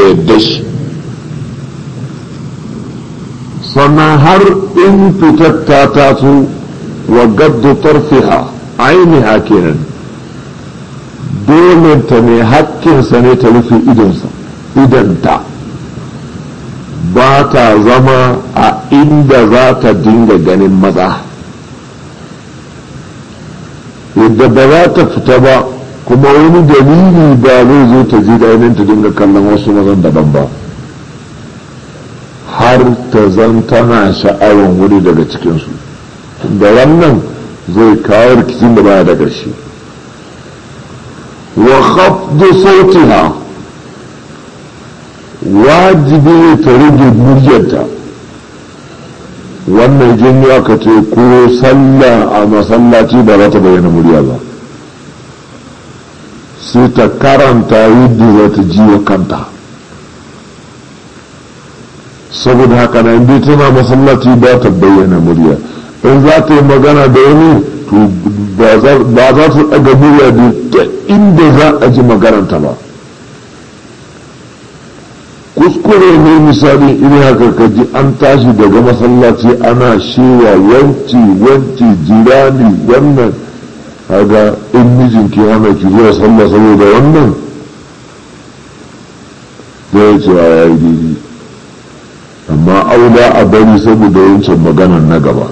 da yadda shi sannan har in fitar ta taso wa gaddu tarfiha ainiha kenan ta ne hakkinsa ne ta rufe idonsa idanta ba ta zama a inda za ta dinga ganin maza yadda ba za ta fita ba kuma wani dalili ba zai zo ta ji dainin ta dinga kallon wasu mazan daban ba har ta zan tana sha'awar wuri daga cikinsu da wannan zai kawo rikicin da baya da ƙarshe wa khafdu sautiha wajibi ta rage muryarta wannan jin aka ce ko sallah a masallaci ba za ta bayyana murya ba sai ta karanta yadda za ta ji wa kanta saboda haka na inda tana masallaci ba ta bayyana murya in za ta yi magana da wani to ba za su ɗaga murya da ta inda za a ji magananta ba kuskure ne misali in haka ka ji an tashi daga masallaci ana shewa wanci wanci jirani wannan haga in mijin ki hana ki zuwa sallah saboda wannan ya ce a yayi daidai amma auda a bari saboda wancan maganar na gaba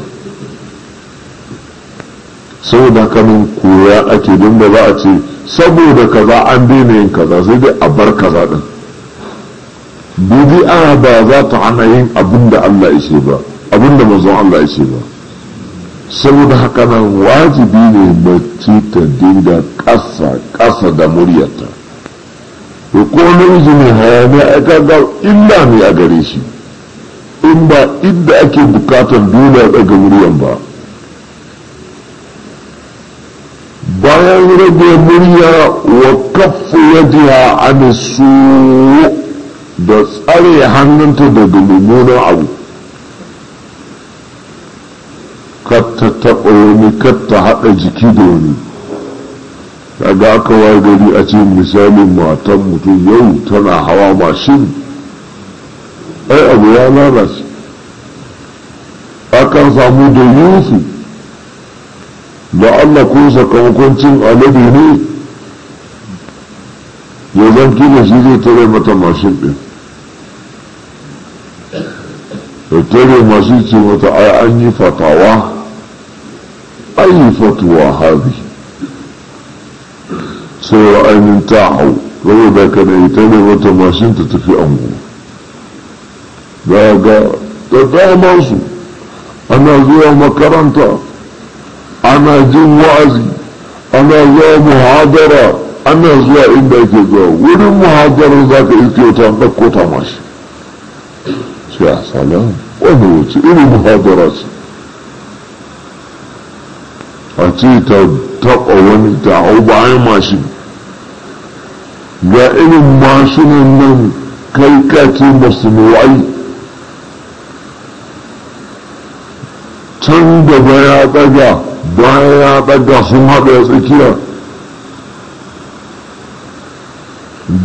saboda kanin koya ake don da za a ce saboda kaza an daina yin kaza sai dai a bar kaza ɗin bidi'a ba za ta hana yin abin da Allah ya ce ba abin da Allah ya ce ba saboda haka nan wajibi ne mace ta dinga ƙasa ƙasa da muryarta to ko namiji mai hayaniya a kaga illa ne a gare shi in ba inda ake bukatar dole ya muryan ba bayan rage murya wa kafa yadda an su da tsare hannunta daga mummunan abu katta taɓa wani katta haɗa jiki da wani daga aka waye gari a ce misalin matan mutum yau tana hawa mashin ai abu ya lalace akan samu da yusu da allah ko sakamakon cin alade ne ya zan kila shi zai tare mata mashin ɗin da tare masu ce mata ai an yi fatawa أي فتوى هذه سواء أين انتعوا لو ذا كان يتنى وتماشين تتفي أمره ذاك تتامسوا أنا زوا مكرنتا أنا جن وعزي أنا زوا محاضرة أنا زوا إن بيت زوا ولم محاضرة ذاك إلتيوتا نكو تماشي يا سلام وهو إلي محاضرات a ce ta taɓa wani ta hau bayan mashin ga irin mashinan nan kai kace ba su nuwai can da ya ɗaga bayan ya ɗaga sun haɗa ya tsakiya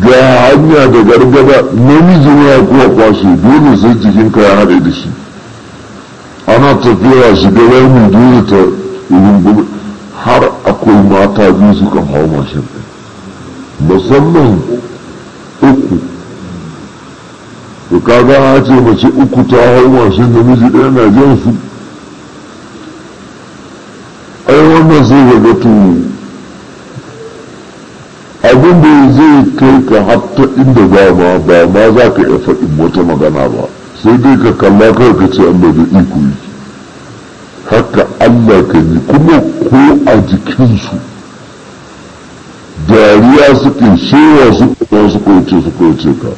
ga hanya da gargada namiji ne ya kuwa kwashe dole sai jikinka ya haɗe da shi ana tafiya shiga wani dole ta har akwai mata biyu suka hau mashin musamman uku to kaga a ce mace uku ta hau mashin miji ɗaya na jansu ai wannan sai ga gato abin da zai kai ka hatta inda ba ma ba ma za ka iya faɗin wata magana ba sai dai ka kalla kawai ka ce an da iko yi haka Allah ka yi kuma ko a jikinsu dariya suke shewa su kuma su kwace su kwace ka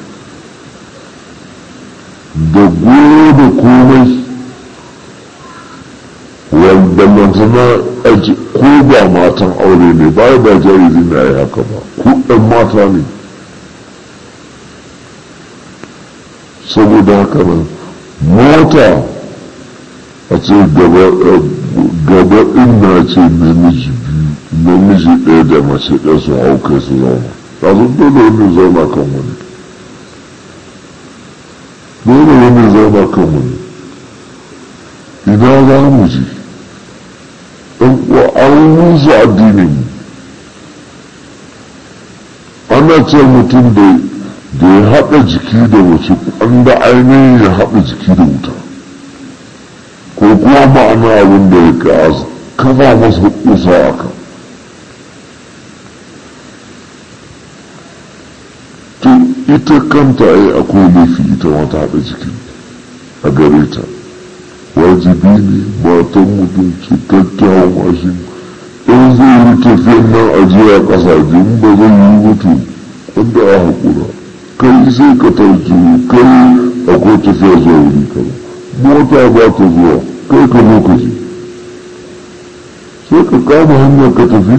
da goro da komai wanda na aji ko ba matan aure ne ba ba jariri na yi haka ba ko ɗan mata ne saboda haka nan mota a ce gaba na ce namiji biyu namiji ɗaya da mace ɗaya sun hau kai su zauna sun dole wani zama kan wani dole wani zama kan wani ina za mu je ɗan ƙwa'arun su addinin ana ce mutum da ya haɗa jiki da wace da ainihin ya haɗa jiki da wuta su koma ana abin da yake a kafa masu kusa a kan to ita kanta ai akwai laifi ita wata haɗa jikin a gare ta wajibi ne matan mutum ce kyakkyawan mashin in zai yi tafiyan nan a jiya ƙasashen ba zai yi mutu wanda a haƙura kai sai ka tarki kai akwai tafiya zuwa wuri kaza mota ba ta zuwa kai ka lokaci sai ka kama hanya ka tafi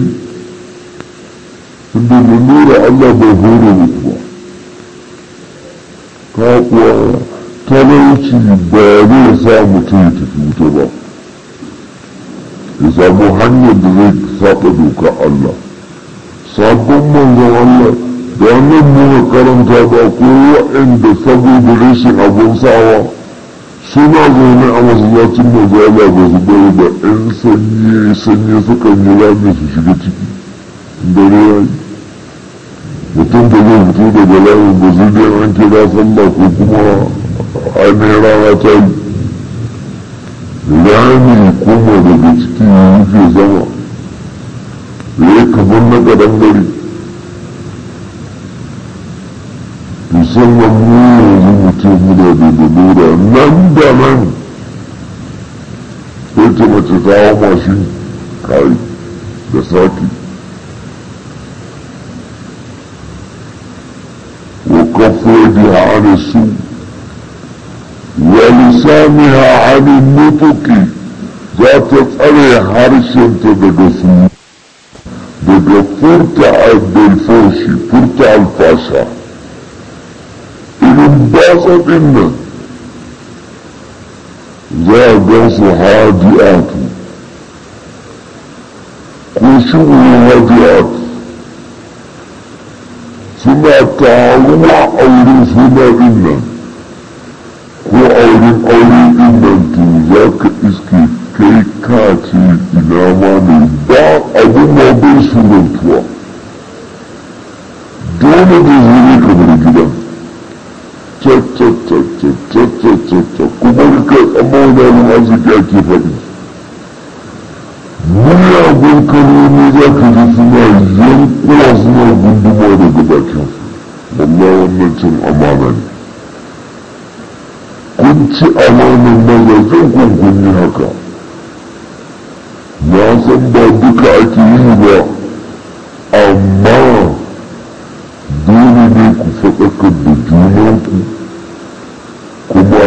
inda lura Allah bai hore muku ba ka kuwa talauci ba zai sa mutum ya tafi wuta ba ya samu hanyar da zai saka doka Allah sabon manzon Allah da wannan muna karanta ba ko waɗanda saboda rashin abin sawa suna zaune a masallacin da zala ba su bari ba ɗan sanyi sanyi sukan yi rami su shiga ciki ne ya yi mutum da zai fito daga layin ba su ne an kira sallah ko kuma ainihin rana ta yi rami kuma daga ciki yi rufe zama da ya kamar na musamman mu yanzu mutum muna da lalura nan da nan sai ta mace ta hau mashin kai da sati وكفرها عن السوء ولسانها عن النطق ذات تسألي حرشا تدقسو دقا فرتع الدلفوشي فرتع الفاشا باقت منه زادت هادئات وشغل هادئات ثم التعاون أولي ثم إنا وأولي أولي إنا ذاك إسكي كي كاتي إناماني با أبو ما بيسو منتوا دون بذلك من الجدام Çek çek çek çek çek çek çek çek. Kumarı kes ama oynayalım azıcık erkek hadi. Dünya volkanımıza kızısına yön kurasına gündüm oynadı bakın. Allah onun için amanen. Kunti amanen malazın kunkunni haka. Na san ba duka ake yi ba, amma dole ne ku faɗakar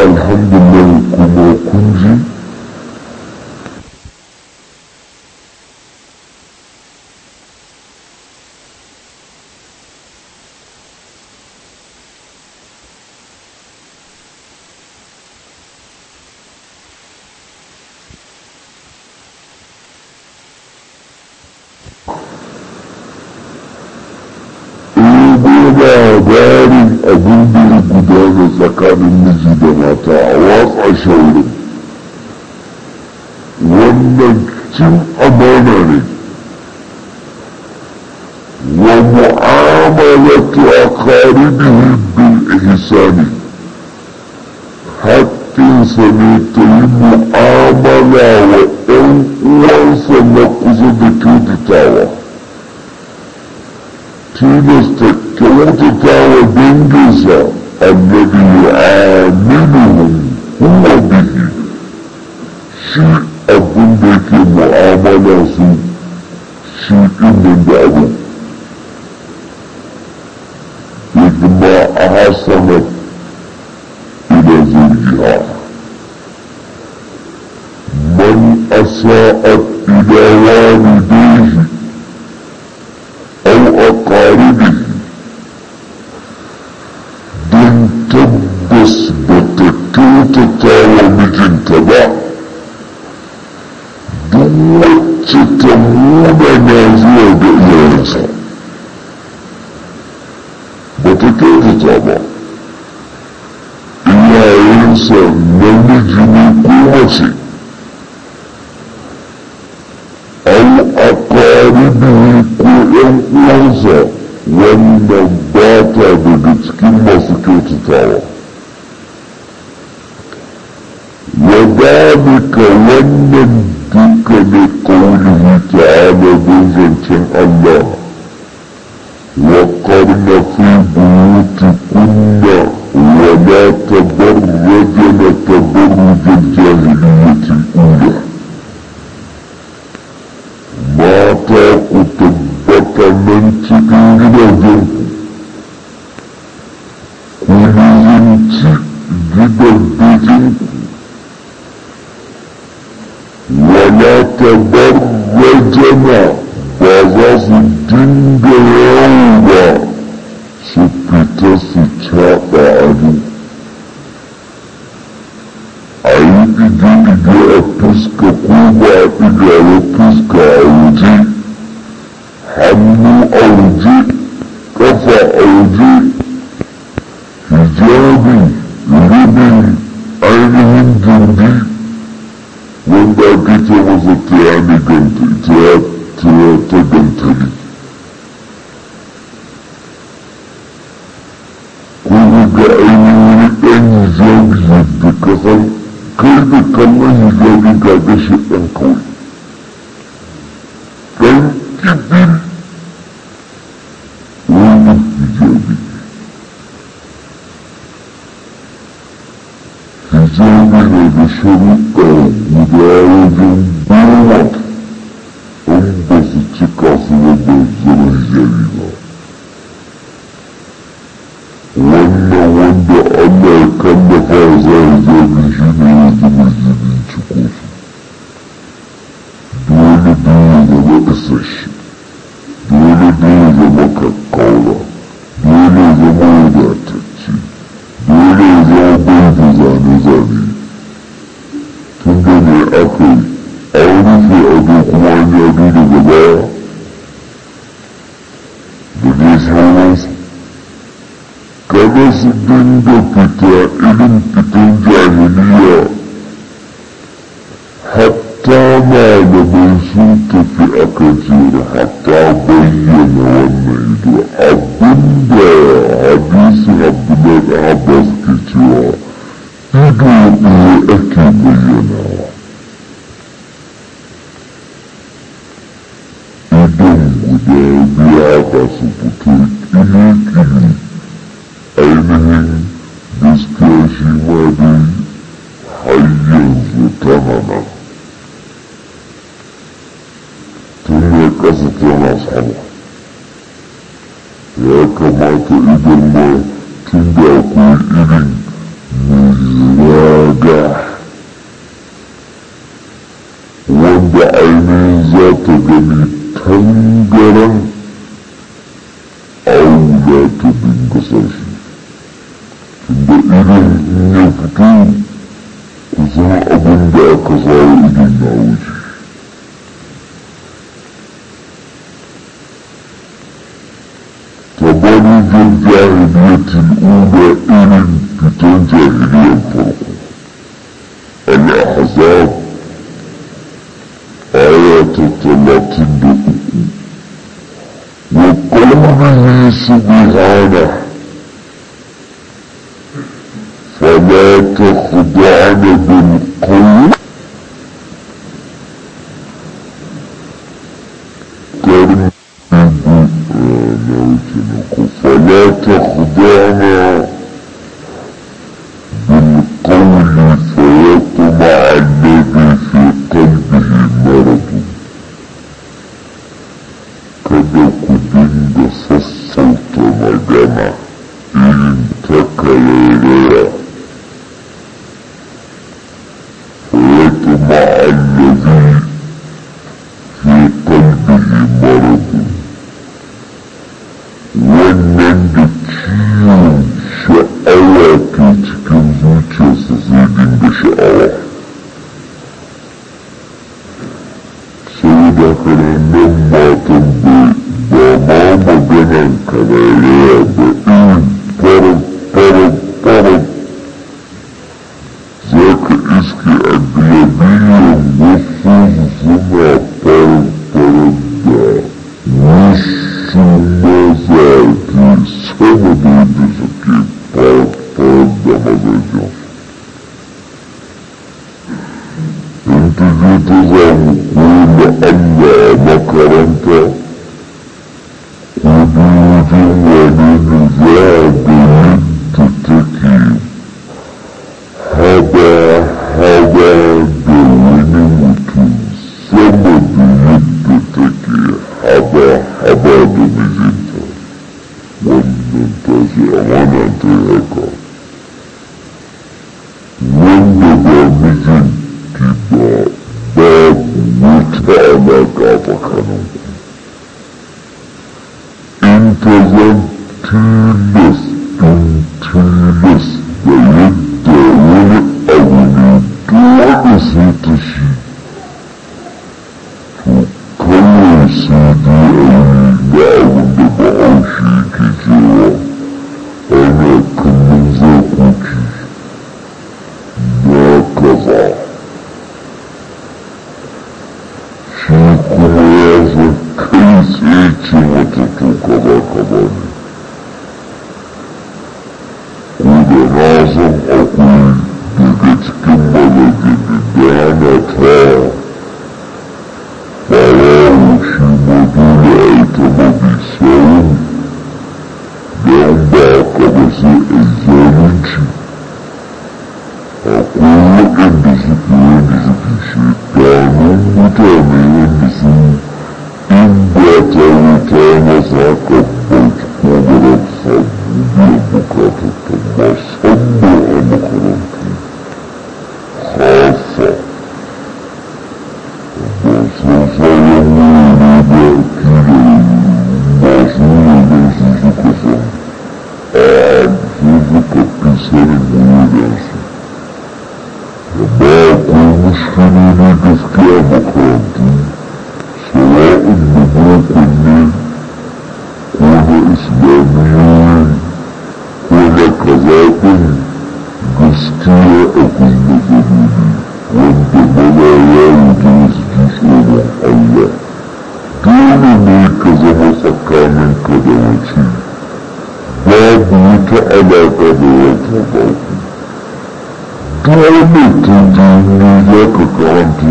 الحمد لله كان النجي ده مطاع واضع شوله ومكتب أماناني ومعاملة أقاربه بالإحسان حتى سميت المعاملة وإن وانسى مقصة بكيد تاوى تينستك كيوت تاوى بنجزة الذي يعاملهم هو به shi abin da yake mu'amala su shi ɗin da abin ya kuma a hasanar ila zuriya man asa'at ila wani eu acabei de do eu usa o mandato do Bitskimas que eu te falo. Mandado will você critica as leis evangélicas. سامنا یہ لوگ تو econômicos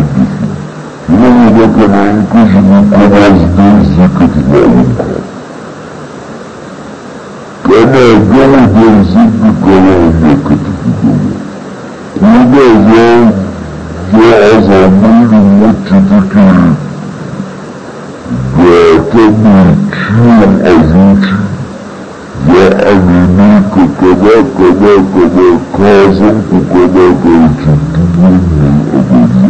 como as músicas malucas. Canadão Brasil Colômbia Canadão já as amigos muito do que já permitiam a gente já a menina cada cada cada casa com cada cada tipo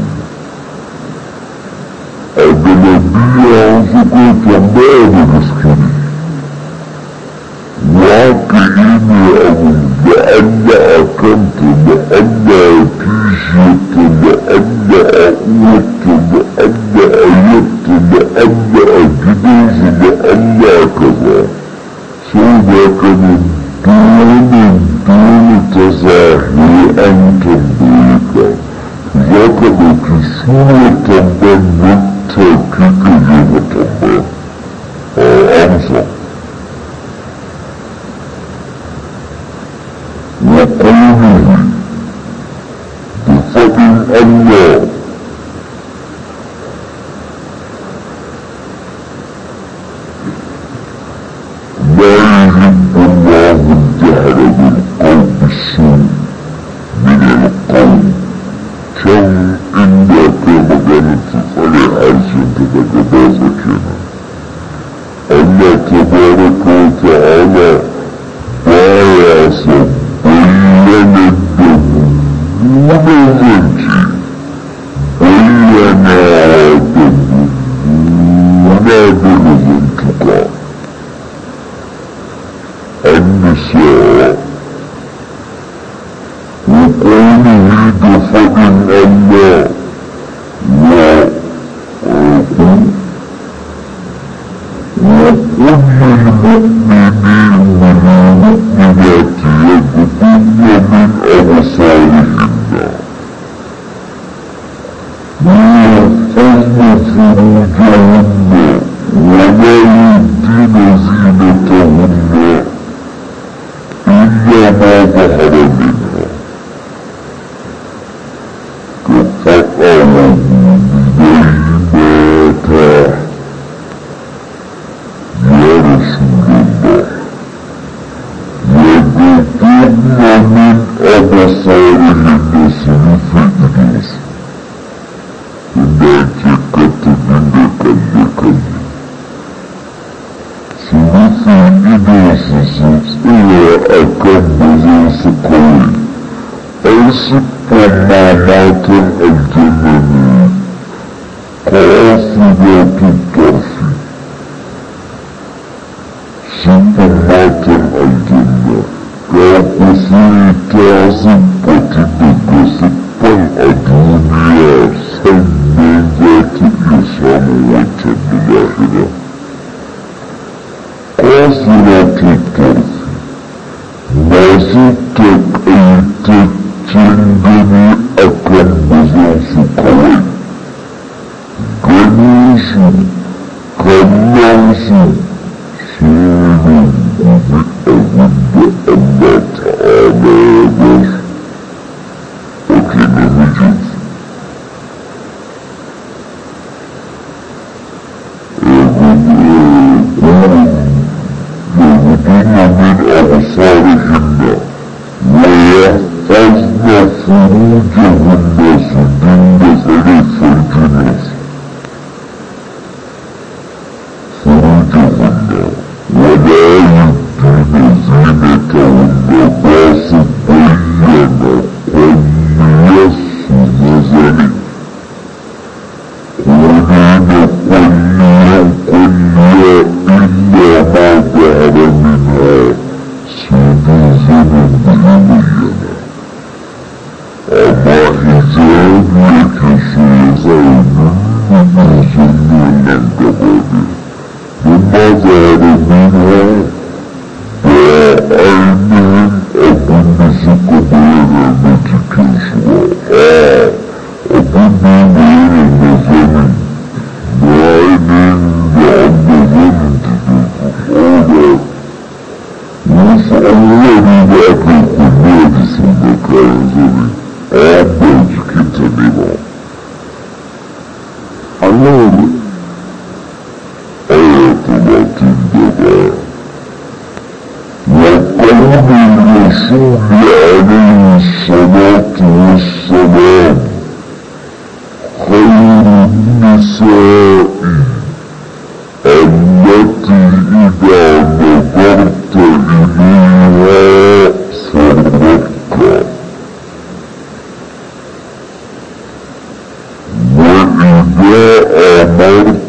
يكون جمال مسكين واقعين يأمون لأن أكمت لأن أتيشت لأن أقوت yourself. Look only the fucking Allah. queosaosa poicatar old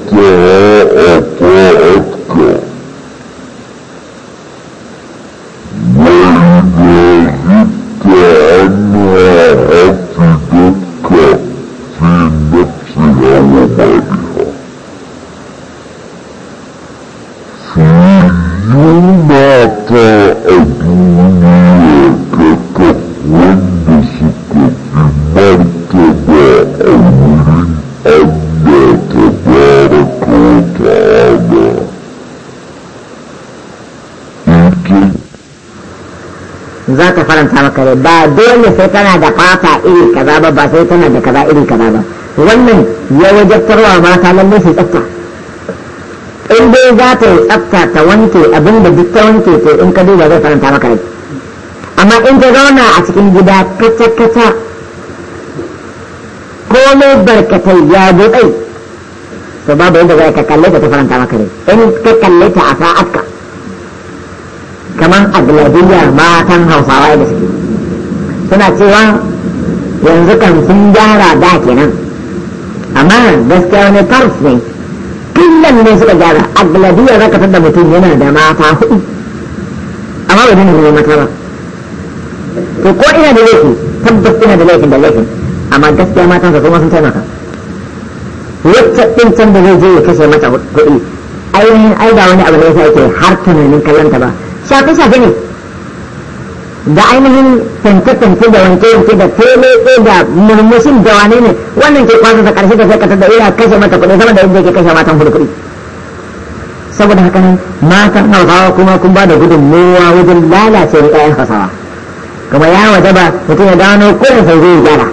kare ba dole sai tana da fata iri kaza ba ba sai tana da kaza iri kaza ba wannan ya wajabtarwa mata lallai su tsafta in dai za ta yi tsafta ta wanke abin da duk ta wanke to in ka duba zai faranta maka rai amma in ta zauna a cikin gida kaca-kaca komai barkatai ya dutsai to babu yadda za ka kalle ta ta faranta maka rai in ka kalle ta a sa'atka kamar a matan hausawa da suke suna cewa yanzu kan sun gyara da kenan amma gaskiya wani tarf ne kullum ne suka gyara agladiyar zaka da mutum yana da mata hudu amma ba dinin ne mata ba to ko ina da laifi tabbas ina da laifin da laifin amma gaskiya mata su kuma sun taimaka wacce ɗin can da zai je ya kashe mata kuɗi ainihin ai da wani abu ne sa yake har tunanin kallon ta ba shafe shafe ne da ainihin tanke-tanke da wanke-wanke da ko da murmushin da wane ne wannan ke kwasa da karshe da sai ka da ira kashe mata kuɗi sama da inda ke kashe matan kuɗi saboda haka nan matan hausawa kuma kun ba da gudunmowa wajen lalace da ɗayan hausawa kuma ya waje ba mutum ya gano ko da sai zai gyara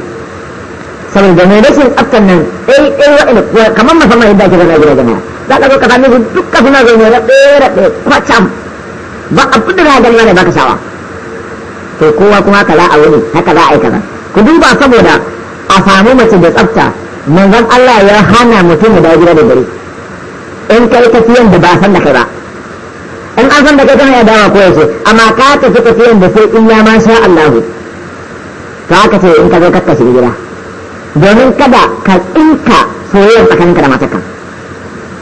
saboda mai rashin tsaftar nan ɗai ɗai wa'ina kamar musamman yadda ake zama gida jama'a za ka zo ka same su duk kafin na zo ne raɓe raɓe kwacam ba a fi da na gani ba ne baka shawa to kowa kuma kaza a wuri haka za a yi kaza ku duba saboda a samu mace da tsafta manzon Allah ya hana mutum ya dawo da dare in kai tafiyan da ba san da kai ba in an san da kai kana dawa ko yaushe amma ka tafi tafiyan da sai in ya ma sha Allah ka ka ce in ka zo ka shi gida domin kada ka tsinka tsakanin tsakaninka da matarka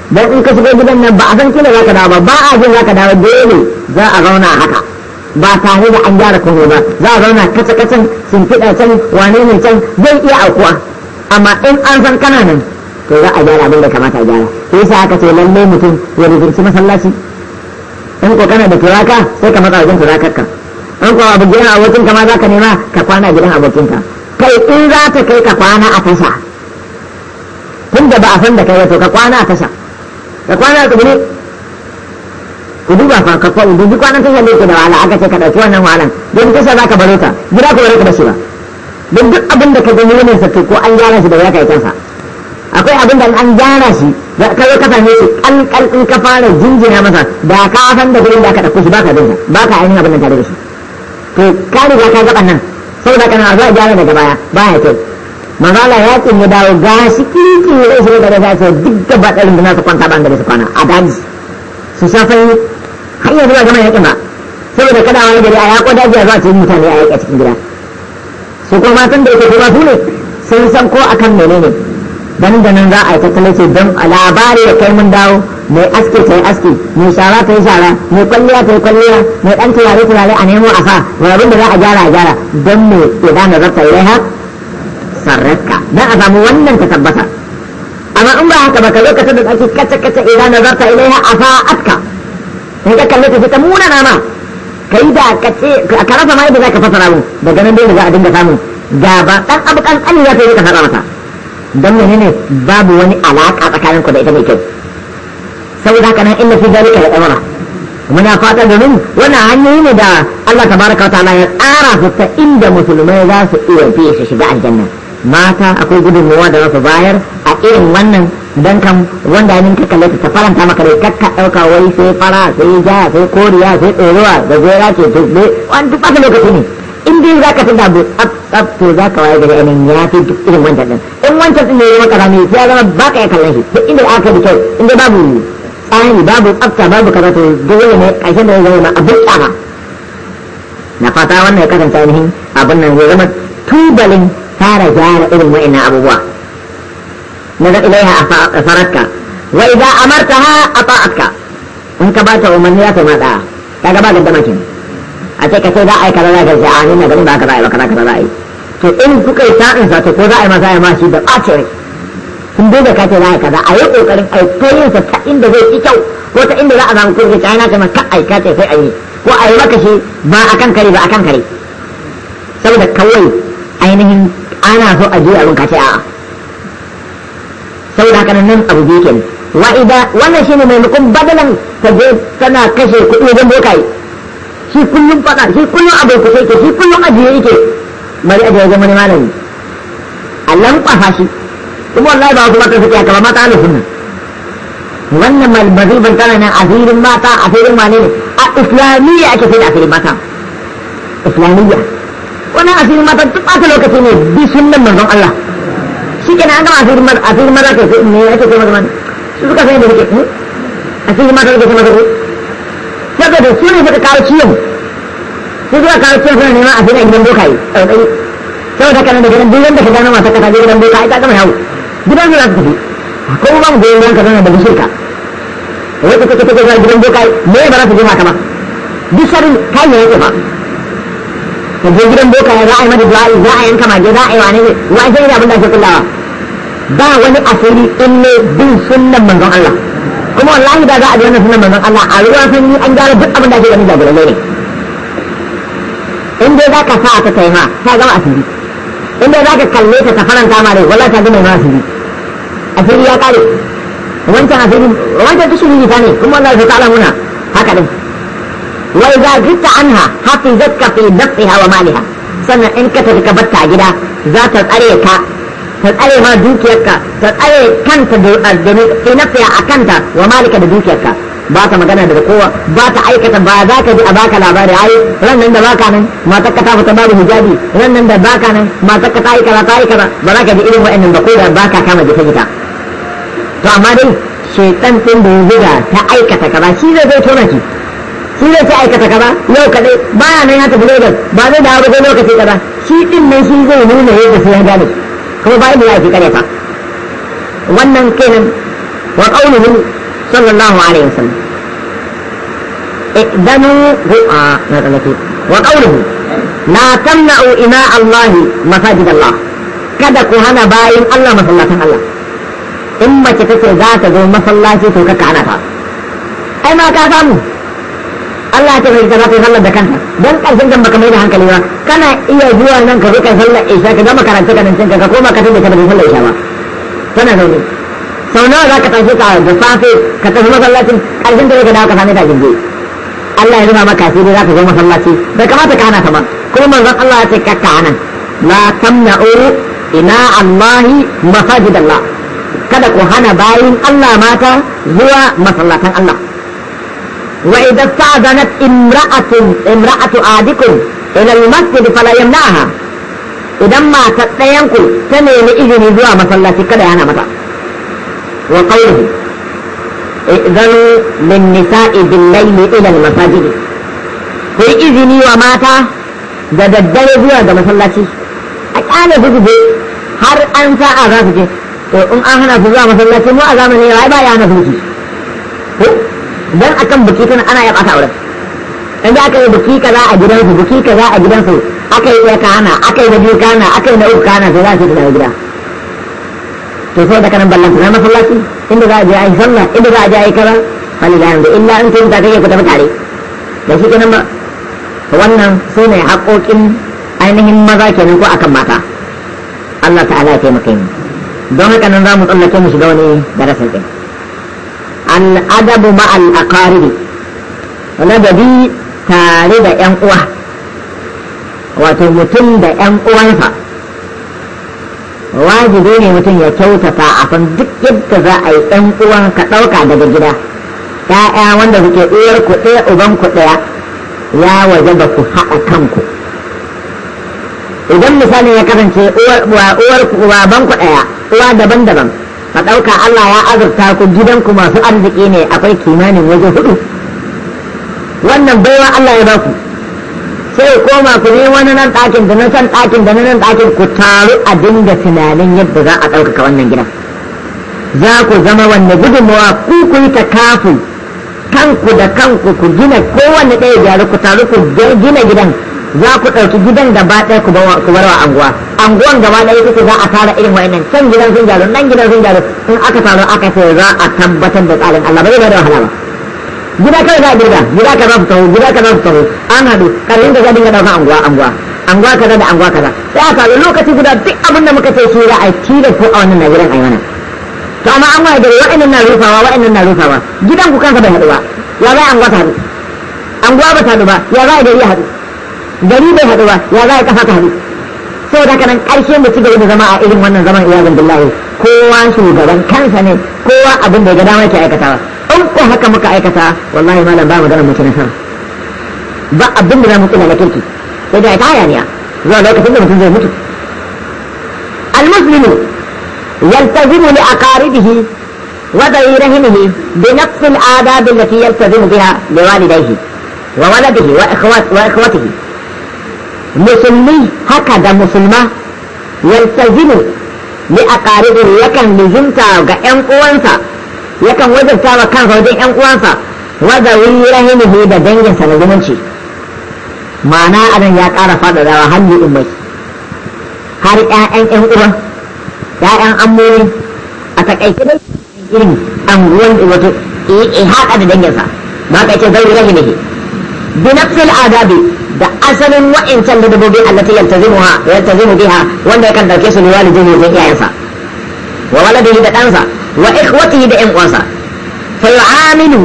don in ka shigo gidan nan ba a san kina za ka dawo ba ba a jin za ka dawo dole za a zauna haka ba tare da an gyara komai ba za a zauna kace kacan sun fiɗa can wane ne can zai iya aukuwa amma in an san kana nan to za a gyara abin da kamata a gyara ko sa aka ce lallai mutum ya rubuci masallaci in ko kana da turaka sai ka matsa wajen turakarka in ko abu gidan abokinka ma za ka nema ka kwana gidan abokinka kai in za ta kai ka kwana a tasha tun da ba a san da kai ba to ka kwana a tasha ka kwana a tasha ku duba fa ka faɗi duk kwanan tashar da yake da wahala aka ce ka ɗauki wannan wahalan don tasha za ka bare ta gida ku bare ka da shi ba don duk abin da ka ga ne sa ko an gyara shi da ya kai kansa akwai abin da an gyara shi da kai ka same shi kalkal in ka fara jinjina masa da ka san da gurin da ka ɗauko shi ba ka dinka ba ka ainihin abin da ta da shi to ka riga ka gaban nan saboda kana zuwa gyara daga baya baya kyau mazala ya ce ya dawo gashi kiki ya shi da ya ce duk gaba ɗarin da na su kwanta ban da su kwana a daji su har yanzu ba zama yaƙin ba saboda kada wani gari a yaƙo daji a zuwa yi mutane a yaƙa cikin gida su ko matan da yake kuma su ne sun san ko a kan akan ne. dan da nan za a yi tattalin ce don labari ya kai mun dawo mai aski ta yi aski mai shara ta yi shara mai kwalliya ta yi kwalliya mai ɗan turare turare a nemo a sa mai abin da za a gyara a gyara don mai idan na zarta ilaiha sarrafka don a samu wannan ta tabbata amma in ba haka ba ka lokacin da ake kace kace idan na zarta ilaiha a fa'atka in ka kalle ta fita muna nama kai da ka ce ka rasa ma yadda zaka fasara mu da ganin dai za a dinga samu gaba dan abu kan kan ya ta yi ka fara mata dan ne babu wani alaƙa tsakanin ku da ita mai kyau saboda haka nan inna fi zalika la amara muna fata domin wannan hanyoyi ne da Allah tabaraka wa ta'ala ya tsara su ta inda musulmai za su iya fiye su shiga aljanna mata akwai gudunmuwa da za su bayar irin wannan dan kan wanda ya ninka kalle ta faranta maka dai kakka dauka wai sai fara sai ja sai koriya sai tsoruwa da zera ke dubbe wani duk ɓata lokaci ne in dai za ka tunda abu ab tsaf to zaka waye gari ainihin ya fi duk irin wannan ɗin in wancan din ne ya maka rami sai ya zama ba ka ya kallon shi duk inda aka bi kai inda babu tsani babu tsafta babu kaza to dole ne ƙarshen da zai ma abin tsama na fata wannan ya kasance ainihin abin nan ya zama tubalin fara gyara irin wa'annan abubuwa نظر إليها أثرتك وإذا أمرتها أطاعتك إن كبرت a yi كذا بعد الدمكين أتيك سيدا أي كذا لا كذا عانين نقول ما كذا وكذا كذا yi to in kuka yi sa'in sa to ko za a yi masa ya mashi da ɓacin kun dai da ka ce za a kaza a yi ƙoƙarin a yi sa ta inda zai fi kyau ko ta inda za a zama kurki ta yana ta maka aika ce sai a yi ko a yi maka shi ba a kan kare ba a kan kare saboda kawai ainihin ana so a je abin ka ce a'a saboda haka nan abu biyu kenan wa idan wannan shine mai mukun badalan ka je kana kashe kuɗi wajen bokaye shi kullum fada shi kullum abu ku sai ke shi kullum ajiye yake bari ajiye wajen wani malami Allah mu kwafa shi kuma wallahi ba ku mata suke kamar mata alifin nan wannan malmazi ban tana nan a filin mata a filin wane ne a islamiyya ake sai da a filin mata islamiyya wannan asirin mata duk ɓata lokaci ne bi sunnan manzon Allah shi ke an gama asiri maza asiri maza ke sai me ake sai maza su suka sani da kake ku hmm? asiri maza ke sai maza ku saboda su ne suka kawo ciyon su suka kawo ciyon suna neman asiri a gidan bokaye tsautsayi saboda kanan da gidan duk da ka gano masu kasa gidan bokaye ta gama yawo gidan su za su tafi ko ba mu goyon ranka zana da bishirka wai kuka kuka zuwa gidan bokaye me ba za su goma kama duk sabin sharin kayan yake ba ka je gidan bokaye za a yi mata du'a'i za a yanka mage za a yi wane ne wa'ai ake yi abin da ake kullawa ba wani asali in ne bin sunnan manzon Allah kuma wallahi da za a ji wannan sunnan manzon Allah a ruwa sanyi an gyara duk abin da ake ganin jagoranai ne in dai za ka sa ta kai ma ta zama asiri in dai za ka kalle ta ta faranta ma rai wallahi ta zama asiri asiri ya kare wancan asiri wancan duk shiri ta ne kuma wallahi ta tsara muna haka din wa idza jitta anha hafizatka fi nafsiha wa maliha sannan in ka tafi ka batta gida za ta tsare ka ta tsare ma dukiyarka ta tsare kanta da aljanu sai nafiya a kanta wa malika da dukiyarka ba ta magana da kowa ba ta aikata ba za ka ji a baka labari ai ran nan da baka nan matar ka ta fita babu hijabi ran nan da baka nan matar ka ta yi kaza ta aika ba ba za ka ji irin wa'annan ba ko da baka kama jita jita to amma dai shaitan din da zuga ta aikata ka ba shi zai zai tona ki shi zai ta aikata ka ba yau kadai baya nan ya tafi Lagos ba zai da ba lokaci kaza shi din nan shi zai nuna yadda sai ya gane kuma ba ya fi kare fa wannan kenan wa qauluhu sallallahu alaihi wasallam اقدموا آه وقوله لا تمنعوا إناء الله مساجد allah, kada ku hana bayan Allah masallatan Allah in mace ta ce za ta zo masallaci to ka ana ta ai ma ka samu ta zai za ta sallar da kanta don ƙarshen kan baka mai da hankali ba kana iya zuwa nan ka zo ka sallar isha ka gama karanta ka ka ka koma ka tabbata da sallar isha ba tana zaune sau nawa za ka tashi ka da safe ka tafi masallacin ƙarshen da ya dawo ka same ta jirgi Allah ya zama maka sai za ka zo masallaci bai kamata ka hana ta ba kuma manzon Allah ya ce ka ka hana la tamna'u ina Allahi masajidallah kada ku hana bayin Allah mata zuwa masallatan Allah وإذا استأذنت امرأة امرأة أحدكم إلى المسجد فلا يمنعها إذا ما تتينكم تنين إذن زوا مصلاتي كذا أنا متى وقوله ائذنوا للنساء بالليل إلى المساجد في إذني وماتا da daddare zuwa ga masallaci a kyale su je har an sa'a za su je to in an hana su zuwa masallaci mu a zamanin yawa ba ya hana su don akan biki tana ana ya bata auren inda aka yi ka za a gidansu ka za a gidansu aka yi ɗaya kana aka yi na biyu kana aka yi na uku kana sai za su dawo gida to sai da kanan ballanta na masallaci inda za a je a yi sallah inda za a je a yi kaza falila yanzu illa in tun ta kai ku tafi tare da shi kenan ba wannan su ne haƙoƙin ainihin maza kenan ko akan mata Allah ta'ala ya taimake mu don haka nan za mu tsallake mu shiga wani darasin ɗin al'adabu ma'al aqaribi ladabi tare da yan uwa wato mutum da yan uwansa wajibi ne mutum ya kyautata a kan duk yadda za a yi yan uwan ka ɗauka daga gida ya'ya wanda suke uwar ku ɗaya uban ku ɗaya ya waje da ku haɗa kanku idan misalin ya kasance uwar ku uban ku ɗaya uwa daban-daban ka ɗauka Allah ya azurta ku gidanku masu arziki ne akwai kimanin waje hudu wannan baiwa Allah ya baku sai koma ku ne wani nan ɗakin da na san ɗakin da nan ɗakin ku taru a dinga tunanin yadda za a ɗaukaka wannan gidan za ku zama wanne gudunmawa ku ku yi kafin kanku da kanku ku gina kowanne ɗaya gyara ku taru ku gina gidan za ku ɗauki gidan gaba ɗaya ku bar wa anguwa anguwan gaba ɗaya kuke za a tara irin wa'annan can gidan sun jalo nan gidan sun jalo in aka taro aka ce za a tabbatar da tsarin Allah ba zai bada wahala ba gida kai za a girga gida ka za ku taho gida ka za ku taho an haɗu karin da za dinga ɗauka anguwa anguwa anguwa kaza da anguwa kaza sai a taro lokaci guda duk abin da muka ce su za a da ko a wannan nagiran ayi mana to amma an waye da wa'annan na rufawa wa'annan na rufawa gidan ku kansa bai haɗu ba ya za anguwa ta haɗu anguwa ba ta haɗu ba ya za a iya haɗu gari bai haɗu ba ya za a kafa ta haɗu saboda haka nan ƙarshe mu ci gaba da zama a irin wannan zaman iyazan billahi kowa shugaban kansa ne kowa abin da ya ga dama yake aikatawa in ko haka muka aikata wallahi malam ba magana mu ci nasara ba abin da za mu tsina na kirki sai da ta hayaniya zuwa lokacin da mutum zai mutu المسلم يلتزم لأقاربه وذوي رحمه بنفس الآداب التي يلتزم بها لوالديه وولده وإخوات وإخوته musulmi haka da musulma yaltazimu li aqaribi yakan lizimta ga yan uwansa yakan wajabta wa kansa wajen yan uwansa wadda wuri rahimihi da danginsa na zumunci ma'ana anan ya ƙara faɗaɗawa har yi umai har ƴaƴan 'yan uwa ƴaƴan amuri a takaice dai irin anguwan wato eh, eh, haɗa da danginsa ba ka ce zai rahimihi bi nafsil adabi da asalin wa'incan ladabobi allati yaltazimuha yaltazimu biha wanda yakan dauke su liwalidihi wajen iyayensa wa waladihi da ɗansa wa ikhwatihi da ƴan uwansa fa yu'amilu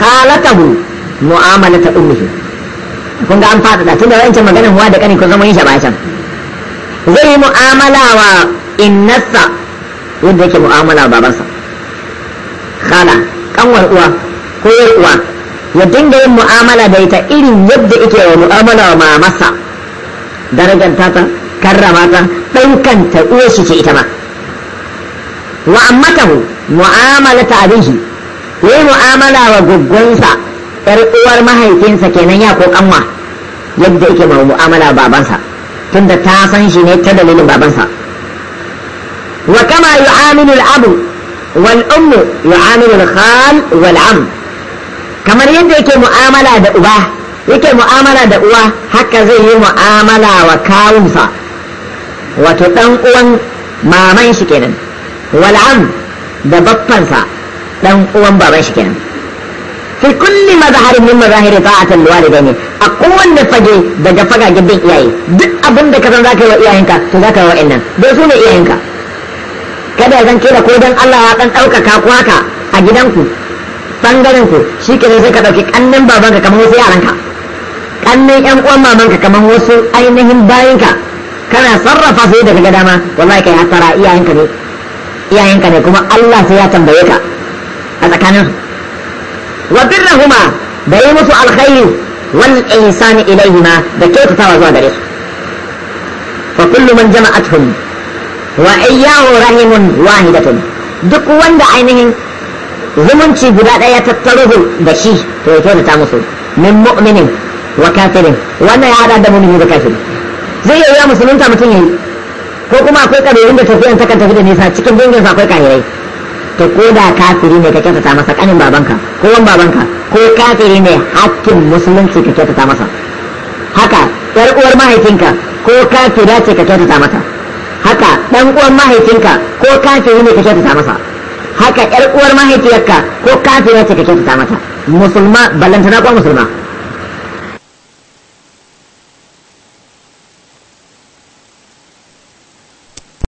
khalatahu mu'amalata ummihi kun ga an fada da tunda wa'incan maganin huwa da kani kun zama yin shi ba zai yi mu'amala wa innarsa yadda yake mu'amala babansa khala kanwar uwa ko uwa ya dinga yin mu'amala da ita irin yadda ike wa mu'amala wa mamasa darajanta ta karrama ta ɗaukanta uwar shi ce ita ma wa ammatahu mu'amala ta abin shi yi mu'amala wa guggunsa ƴar uwar mahaifinsa kenan ya ko kanwa yadda ike ma mu'amala babansa tunda ta san shi ne ta dalilin babansa wa kama yu'amilu al-abu wal ummu yu'amilu al-khal wal am kamar yadda yake mu'amala da uba yake mu'amala da uwa haka zai yi mu'amala wa kawunsa wato ɗan uwan maman shi kenan wal'am da baffansa ɗan uwan baban shi kenan fi kulli mazharin min mazahiri ta'atul walidaini a kowanne fage daga fagagen bin iyaye duk abin da ka san zaka yi wa iyayenka to zaka yi wa innan dai su ne iyayenka kada ya zan kira ko dan Allah ya dan ɗaukaka ku haka a gidanku bangaren ku shi ke sai ka ɗauki ƙannen babanka kamar wasu yaranka ƙannen ƴan uwan mamanka kamar wasu ainihin bayanka kana sarrafa su daga dama wallahi kai hasara iyayenka ne iyayenka ne kuma Allah sai ya tambaye ka a tsakanin wa birrahuma da yi musu alkhairi wal ihsan ilayhima da kyautatawa zuwa gare su fa kullu man jama'atuhum wa iyyahu rahimun wahidatun duk wanda ainihin zumunci guda ɗaya tattaruhu da shi to ya ta musu min mu'minin wa kafirin wannan ya hada da mu'minin da kafirin. zai iya yiwa musulunta mutum ya yi ko kuma akwai kabirin da tafiyan takan tafi da nisa cikin danginsa akwai kahirai to ko da kafiri ne ka kyautata masa ƙanin babanka ko wan babanka ko kafiri ne hakkin musulunci ka kyautata masa haka ɗan uwar mahaifinka ko kafira ce ka kyautata masa haka ɗan uwan mahaifinka ko kafiri ne ka kyautata masa haka ƴar uwar mahaifiyarka ko kafira ce ka kyautata mata musulma ballantana ko musulma